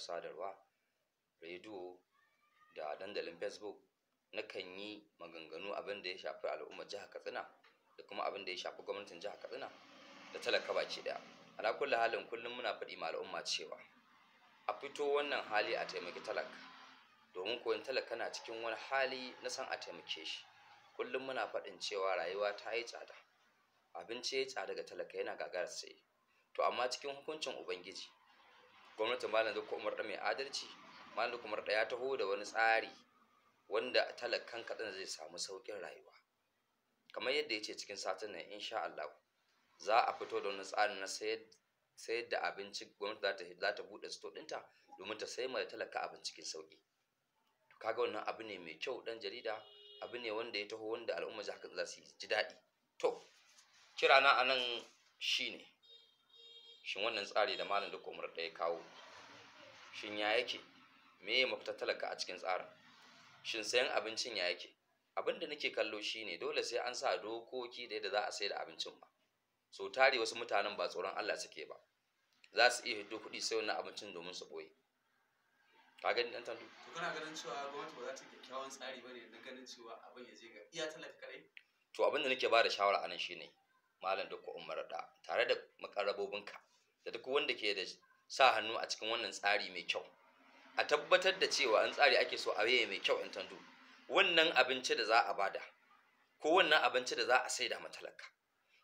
sadarwa rediyo da dandalin facebook nakan yi maganganu abin da ya shafi al'ummar jihar katsina da kuma abin da ya shafi gwamnatin jihar katsina da talaka baki ɗaya ala kulli halin kullum muna faɗi ma al'umma cewa a fito wannan hali a taimaki talaka domin koyon talaka na cikin wani hali na san a taimake shi kullum muna faɗin cewa rayuwa ta yi tsada abinci ya tsada ga talaka yana gagara sai to amma cikin hukuncin ubangiji Gwamnati malam duk umar da mai adalci malam duk umar da ya taho da wani tsari wanda talakan kaɗan zai samu sauƙin rayuwa kamar yadda ya ce cikin satin nan insha Allah za a fito da wani tsarin na sayar da abinci gwamnati za ta buɗe sito ɗinta domin ta sai mai talaka abinci cikin sauƙi kaga wannan abu ne mai kyau ɗan jarida abu ne wanda ya taho wanda al'umma za su ji daɗi to kira na anan shine shin wannan tsari da malam duk umar da ya kawo shin ya yake me ya mafita talaka a cikin tsarin shin sayan abincin ya yake abin da nake kallo shine dole sai an sa dokoki da yadda za a sai da abincin ba so tare wasu mutanen ba tsoron Allah suke ba za su iya hito kuɗi sai wannan abincin domin su ɓoye ka gani dan tandu to kana ganin cewa gwamnati ba za ta kyakkyawan tsari bane na ganin cewa abin ya je ga iya talaka kadai to abin da nake ba da shawara anan shine malam dukkan umar da tare da makarabobinka da duk wanda ke da sa hannu a cikin wannan tsari mai kyau a tabbatar da cewa an tsari ake so a waye mai kyau in tando wannan abinci da za a bada ko wannan abinci da za a saida matalaka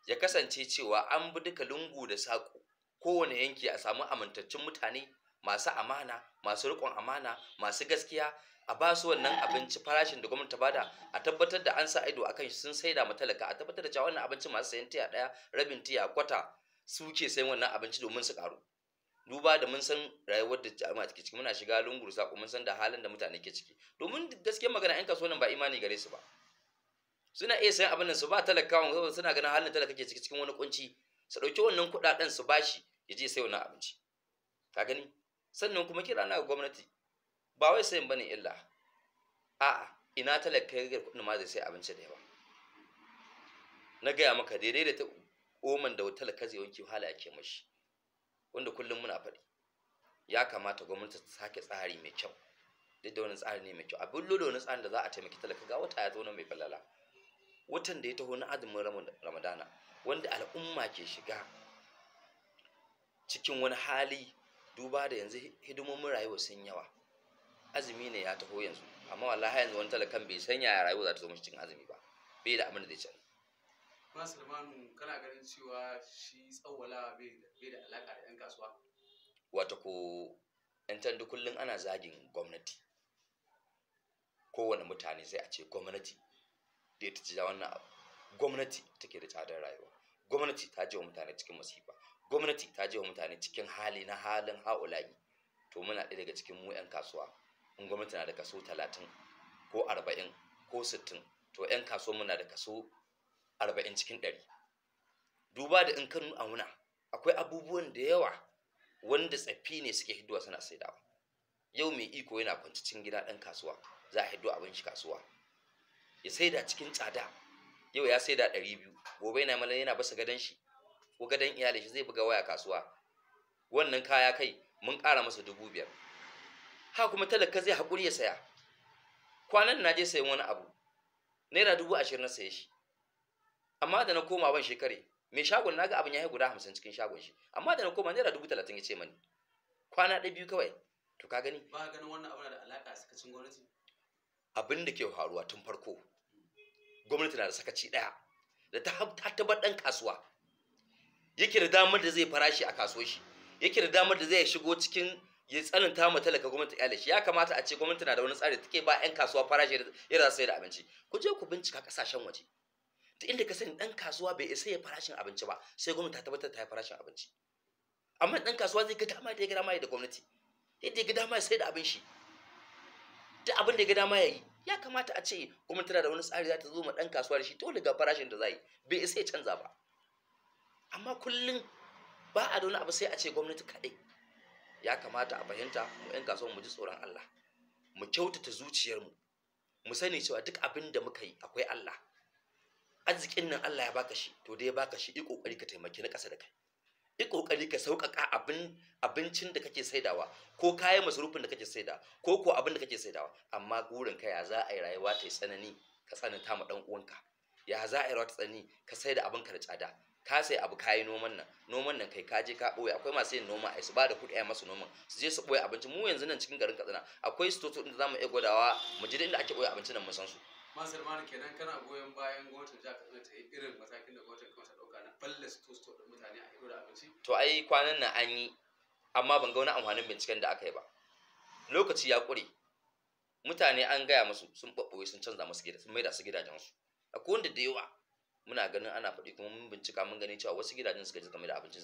ya kasance cewa an bi duka lungu da saƙo kowane yanki a samu amintaccen mutane masu amana masu riƙon amana masu gaskiya a ba su wannan abinci farashin da gwamnati bada a tabbatar da an sa ido akan shi sun saida matalaka a tabbatar da cewa wannan abinci masu sayan tiya ɗaya rabin tiya kwata su ke sayan wannan abinci domin su karu duba da mun san rayuwar da jama'a take ciki muna shiga lungur sako mun san da halin da mutane ke ciki domin gaskiyar magana yan kaso nan ba imani gare su ba suna iya sayan abin nan su ba talakawan saboda suna ganin halin talaka ke ciki cikin wani kunci su ɗauki wannan kuɗaɗen su bashi ya je sai wannan abinci ka gani sannan kuma kira na gwamnati ba wai sayan bane illa a'a ina talakai ya kudin ma zai sai abinci da yawa na gaya maka daidai da oman da wutar kaze wanki wahala yake mashi wanda kullum muna faɗi ya kamata gwamnati ta sake tsari mai kyau duk da wani tsari ne mai kyau abin lolo wani tsarin da za a taimaki talaka ga wata ya zauna mai falala watan da ya taho na azumin ramadana wanda al'umma ke shiga cikin wani hali duba da yanzu hidimomin rayuwa sun yawa azumi ne ya taho yanzu amma wallahi yanzu wani talakan bai sanya ya rayuwa za ta zo mashi cikin azumi ba bai da abin da zai ci kuma salmanu kana ganin cewa shi tsawwala bai da alaka da 'yan kasuwa wata ko 'yan tandu kullum ana zagin gwamnati kowane mutane sai a ce gwamnati da ta ci wannan abu gwamnati take da tsadar rayuwa gwamnati ta je wa mutane cikin masifa gwamnati ta je wa mutane cikin hali na halin ha'ula'i to muna ɗaya daga cikin mu 'yan kasuwa in gwamnati na da kaso talatin ko arba'in ko sittin to 'yan kasuwa muna da kaso arba'in cikin ɗari duba da in a wuna, akwai abubuwan da yawa wanda tsaffi ne suke hidduwa suna saidawa yau mai iko yana kwanci cikin gida ɗan kasuwa za a hiddo abin shi kasuwa ya saida cikin tsada yau ya da ɗari biyu gobe yana malan yana basa gadon shi ko gadon iyali shi zai buga waya kasuwa wannan kaya kai mun ƙara masa dubu biyar ha kuma talaka zai haƙuri ya saya kwanan na je sayan wani abu naira dubu ashirin na saya shi amma da na koma ban shekare mai shagon na ga abin ya yi guda hamsin cikin shagon shi amma da na koma naira dubu talatin ya ce mani kwana ɗaya biyu kawai to ka gani ba ganin wannan abu da alaƙa a sakacin gwamnati abin da ke faruwa tun farko gwamnati na da sakaci ɗaya da ta tabbatar ɗan kasuwa yake da damar da zai farashi a kasuwa, shi yake da damar da zai shigo cikin ya tsananta ma talaka gwamnati ya shi ya kamata a ce gwamnati na da wani tsari take ba 'yan kasuwa farashi yadda za su da abinci ku je ku bincika kasashen waje duk inda ka sani dan kasuwa bai isa ya farashin abinci ba sai gwamnati ta tabbatar ta yi farashin abinci amma dan kasuwa zai ga dama da ya gada dama da gwamnati yadda ya gada dama sai da abin shi duk abin da ya gada ya ya kamata a ce gwamnati tana da wani tsari za ta zo ma dan kasuwa da shi dole ga farashin da za yi bai isa ya canza ba amma kullum ba a da wani abu sai a ce gwamnati kaɗai ya kamata a fahimta mu 'yan kasuwa mu ji tsoron Allah mu kyautata zuciyarmu mu sani cewa duk abin da muka yi akwai Allah arzikin nan Allah ya baka shi to dai ya baka shi yi kokari ka taimaki na ƙasa da kai yi kokari ka sauƙaƙa abin abincin da kake saidawa ko kayan masarufin da kake saida ko ko abin da kake saidawa amma gurin ka ya za a yi rayuwa ta tsanani ka tsananta ma dan uwanka ya za a yi rayuwa ta tsanani ka saida abin ka da tsada ka sai abu kayi noman nan noman nan kai kaje ka boye akwai masu yin noma ai su ba da kuɗi ai masu noman su je su boye abinci mu yanzu nan cikin garin Katsina akwai stoto din da zamu iya gwadawa mu je inda ake boye abincin nan mu san su masalmanu kenan kana goyon bayan gwamnatin jihar katsina ta yi irin matakin da gwamnatin kawai ta ɗauka na balle sto ɗin mutane a ido da abinci to ai kwanan nan an yi amma ban ga wani amfanin binciken da aka yi ba lokaci ya ƙure mutane an gaya musu sun ɓaɓɓoye sun canza musu gida sun maida su gidajensu akwai wanda da yawa muna ganin ana faɗi kuma mun bincika mun gani cewa wasu gidajen suka ji game da abincin